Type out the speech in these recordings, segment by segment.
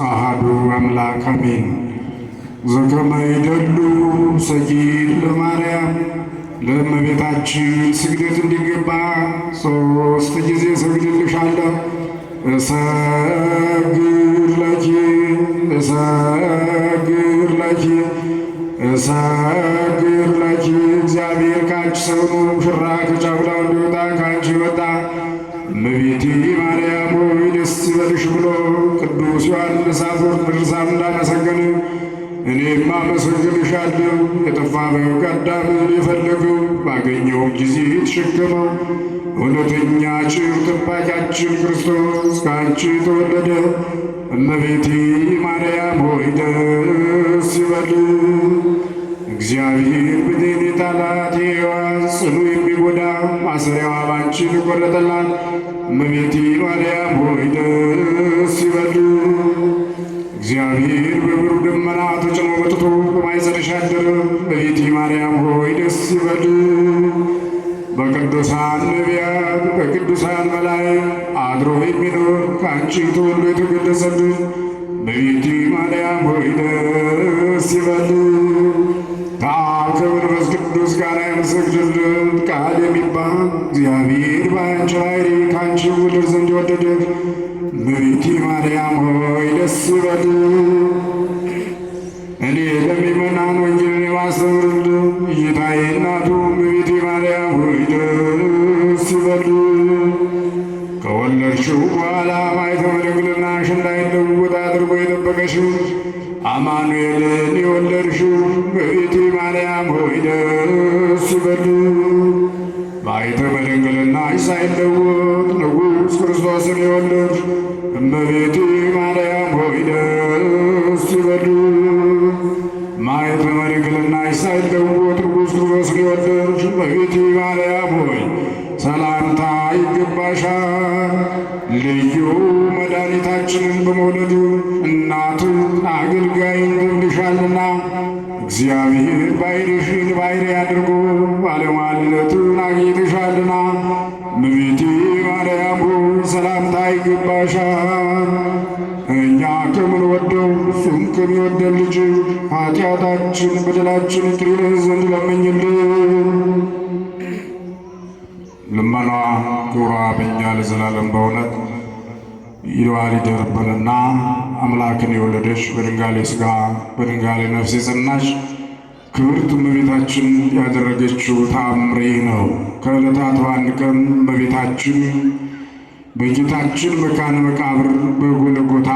አሃዱ አምላክ አሜን። ዘከመ ይደሉ ሰጊድ ለማርያም ለእመቤታችን ስግደት እንዲገባ ሶስት ጊዜ ሰግድልሻለሁ። እሰግድ ለኪ እሰግድ ለኪ እሰግድ እግዚአብሔር ካንቺ ሰው ሽራ ከጫጉላው እንዲወጣ ካንቺ ወጣ። እመቤቴ ማርያም ሆይ ደስ ይበልሽ ብሎ ቅዱሳን መሳፍርት ቅዱሳን እንዳመሰገን እኔም አመሰግንሻለሁ። የጠፋበው ቀዳምን የፈለገው ባገኘውም ጊዜ የተሸከመው እውነተኛ ጭር ጠባቂያችን ክርስቶስ ከአንቺ ተወለደ። እመቤቴ ማርያም ሆይ ደስ ይበልሽ። እግዚአብሔር ብኔን የጣላት የሕያዋን ጽኑ የሚጎዳ ማሰሪያዋ ባንቺ ቆረጠላት። እመቤቴ ማርያም ሆይ ደስ ይበልሽ። እግዚአብሔር በብሩህ ደመና ተጭኖ መጥቶ በማኅፀንሽ ያደረ እቴጌ ማርያም ሆይ ደስ ይበል። በቅዱሳን ነቢያት፣ በቅዱሳን መላእክት አድሮ የሚኖር ከአንቺ ተወልዶ የተገለጸልን እቴጌ ማርያም ሆይ ደስ ይበል። ከአብ ከመንፈስ ቅዱስ ጋር ያመሰግድልን ቃል የሚባል እግዚአብሔር በአንቺ ባሕርይ ከአንቺ ውልድ ዘንድ የወደደት ምርቲ ማርያም ሆይ ደስ ይበሉ። እኔ ለሚመናን ወንጌልን የማስተምርል እይታዬ እናቱ ምርቲ ማርያም ሆይ ደስ ይበሉ። ከወለድሽው በኋላ ማኅተመ ድንግልናሽን እንዳይለወጥ አድርጎ የጠበቀሽው አማኑኤልን የወለድሽው ምርቲ ማርያም ሆይ ደስ ይበሉ። ማኅተመ ድንግልናሽ ሳይለወጥ ይወልድ ማየት በመድንግልና ሳይለወጥ ርጉዝ ማርያም ሆይ ሰላምታ ይገባሻል። ልዩ መድኃኒታችንን በመውለዱ እናቱ አገልጋይ እግዚአብሔር አድርጎ ባለሟልነቱን አግኝተሻልና ማርያም ሆይ ሰላምታ ይገባሻል። የሚወደን ልጅ ኃጢአታችን በደላችን ትሪልህ ዘንድ ለመኝልን። ልመኗ ኩራ በእኛ ለዘላለም በእውነት ይለዋል ይደርብንና አምላክን የወለደች በድንጋሌ ሥጋ በድንጋሌ ነፍስ የጸናች ክብርት እመቤታችን ያደረገችው ተአምሬ ነው። ከዕለታት በአንድ ቀን እመቤታችን በጌታችን መካነ መቃብር በጎለጎታ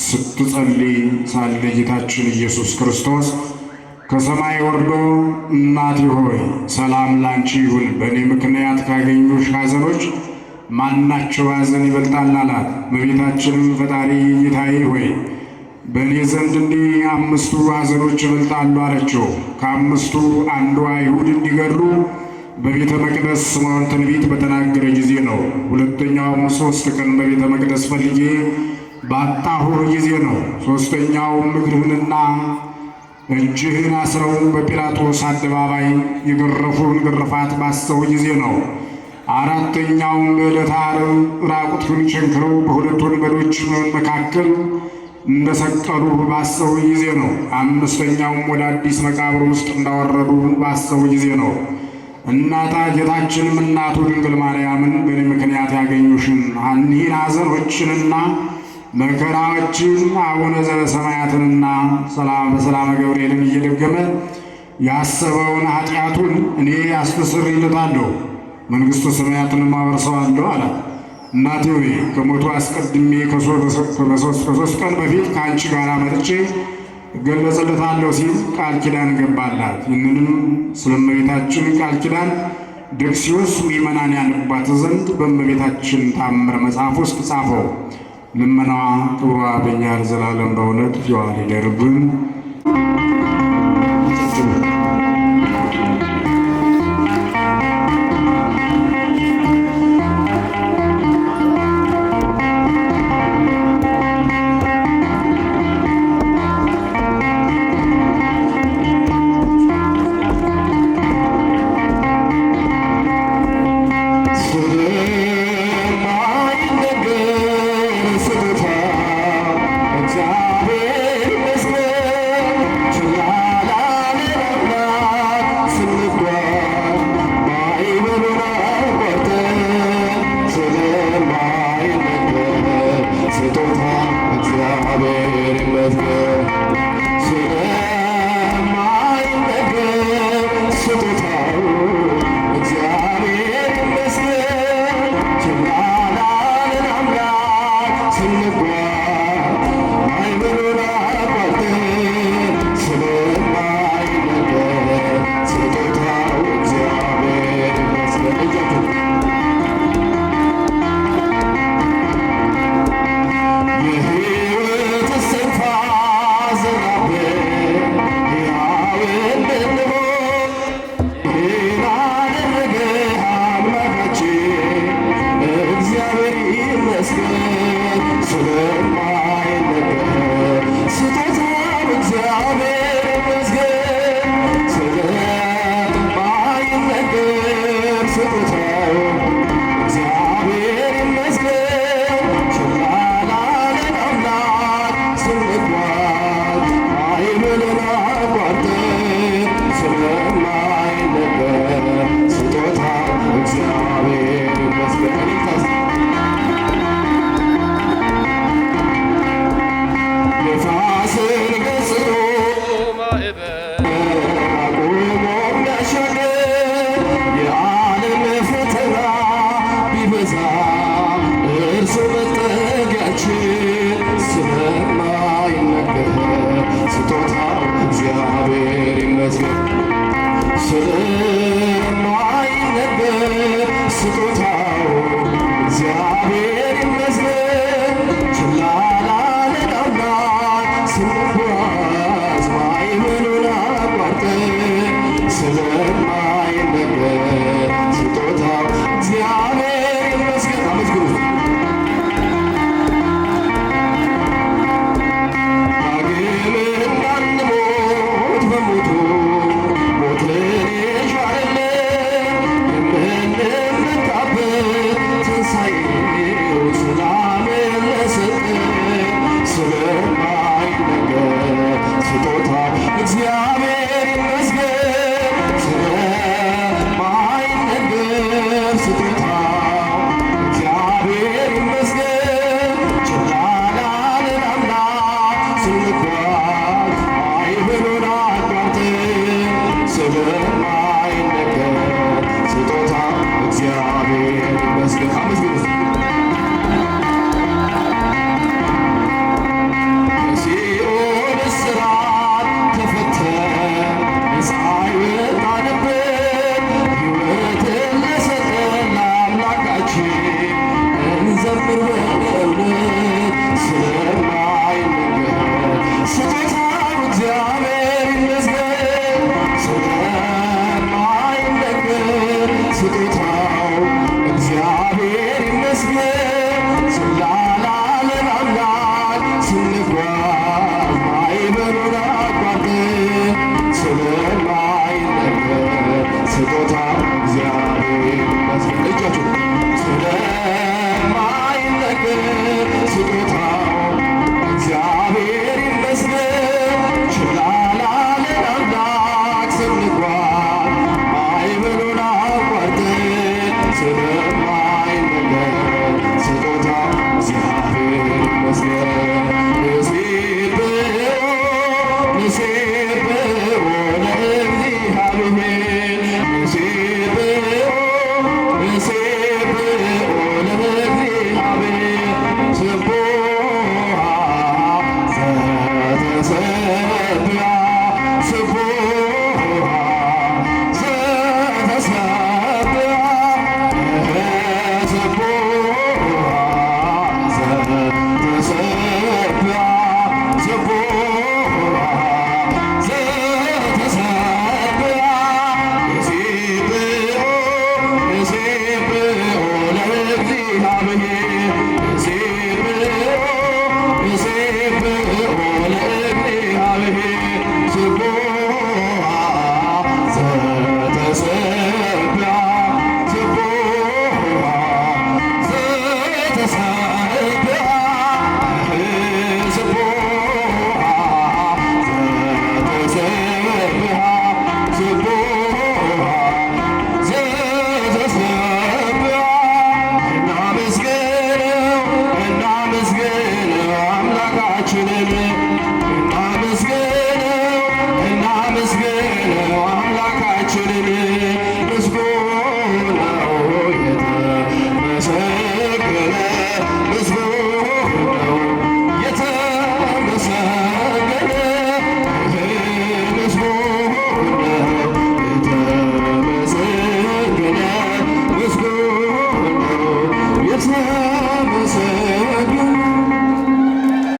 ስትጸልይ ሳለ ጌታችን ኢየሱስ ክርስቶስ ከሰማይ ወርዶ እናቴ ሆይ ሰላም ላንቺ ይሁን፣ በእኔ ምክንያት ካገኙሽ ሐዘኖች ማናቸው ሐዘን ይበልጣል አላት። እመቤታችንም ፈጣሪ ጌታዬ ሆይ በእኔ ዘንድ እንዲህ አምስቱ ሐዘኖች ይበልጣሉ አለችው። ከአምስቱ አንዱ አይሁድ እንዲገድሉ በቤተ መቅደስ ስምዖን ትንቢት በተናገረ ጊዜ ነው። ሁለተኛውም ሦስት ቀን በቤተ መቅደስ ፈልጌ ባጣሁ ጊዜ ነው። ሦስተኛውም እግርህንና እጅህን አስረው በጲላጦስ አደባባይ የገረፉን ግርፋት ባሰው ጊዜ ነው። አራተኛውም በዕለተ ዓርብ ራቁትን ቸንክረው በሁለት ወንበዶች መካከል እንደሰቀሉ ባሰው ጊዜ ነው። አምስተኛውም ወደ አዲስ መቃብር ውስጥ እንዳወረዱ ባሰው ጊዜ ነው። እናታ ጌታችንም እናቱ ድንግል ማርያምን በእኔ ምክንያት ያገኙሽን እኒህን ሐዘኖችንና መከራዎችን አቡነ ዘበሰማያትንና በሰላመ ገብርኤልን እየደገመ ያሰበውን ኃጢአቱን እኔ አስተሰርይለታለሁ መንግስቱ ሰማያትን አወርሰዋለሁ አለ። እናቴ ሆይ ከሞቱ አስቀድሜ ከሶስት ቀን በፊት ከአንቺ ጋር መጥቼ እገለጽለታለሁ ሲል ቃል ኪዳን ገባላት። ይህንንም ስለ እመቤታችን ቃል ኪዳን ደክሲዮስ ምዕመናን ያነቧት ዘንድ በእመቤታችን ታምር መጽሐፍ ውስጥ ጻፈው። ልመናዋ ክብሯ በእኛ ዘላለም በእውነት ፊዋ ይደርብን።